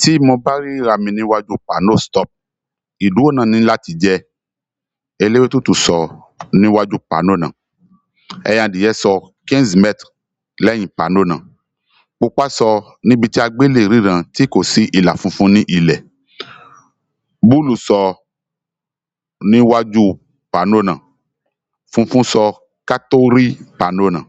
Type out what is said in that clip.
Tí mo bá ríra mi níwájú Pànó stop, ìdúró náà ní láti jẹ́ eléwédúdú sọ níwájú Pànó náà, ẹyin adìẹ sọ 15 mètres lẹ́yìn Pànó náà, pupa sọ níbi tí agbélẹ̀ ríran tí kò sí ìlà funfun ní ilẹ̀, búlúù sọ níwájú Pànó náà, funfun sọ ká tó rí Pànó náà.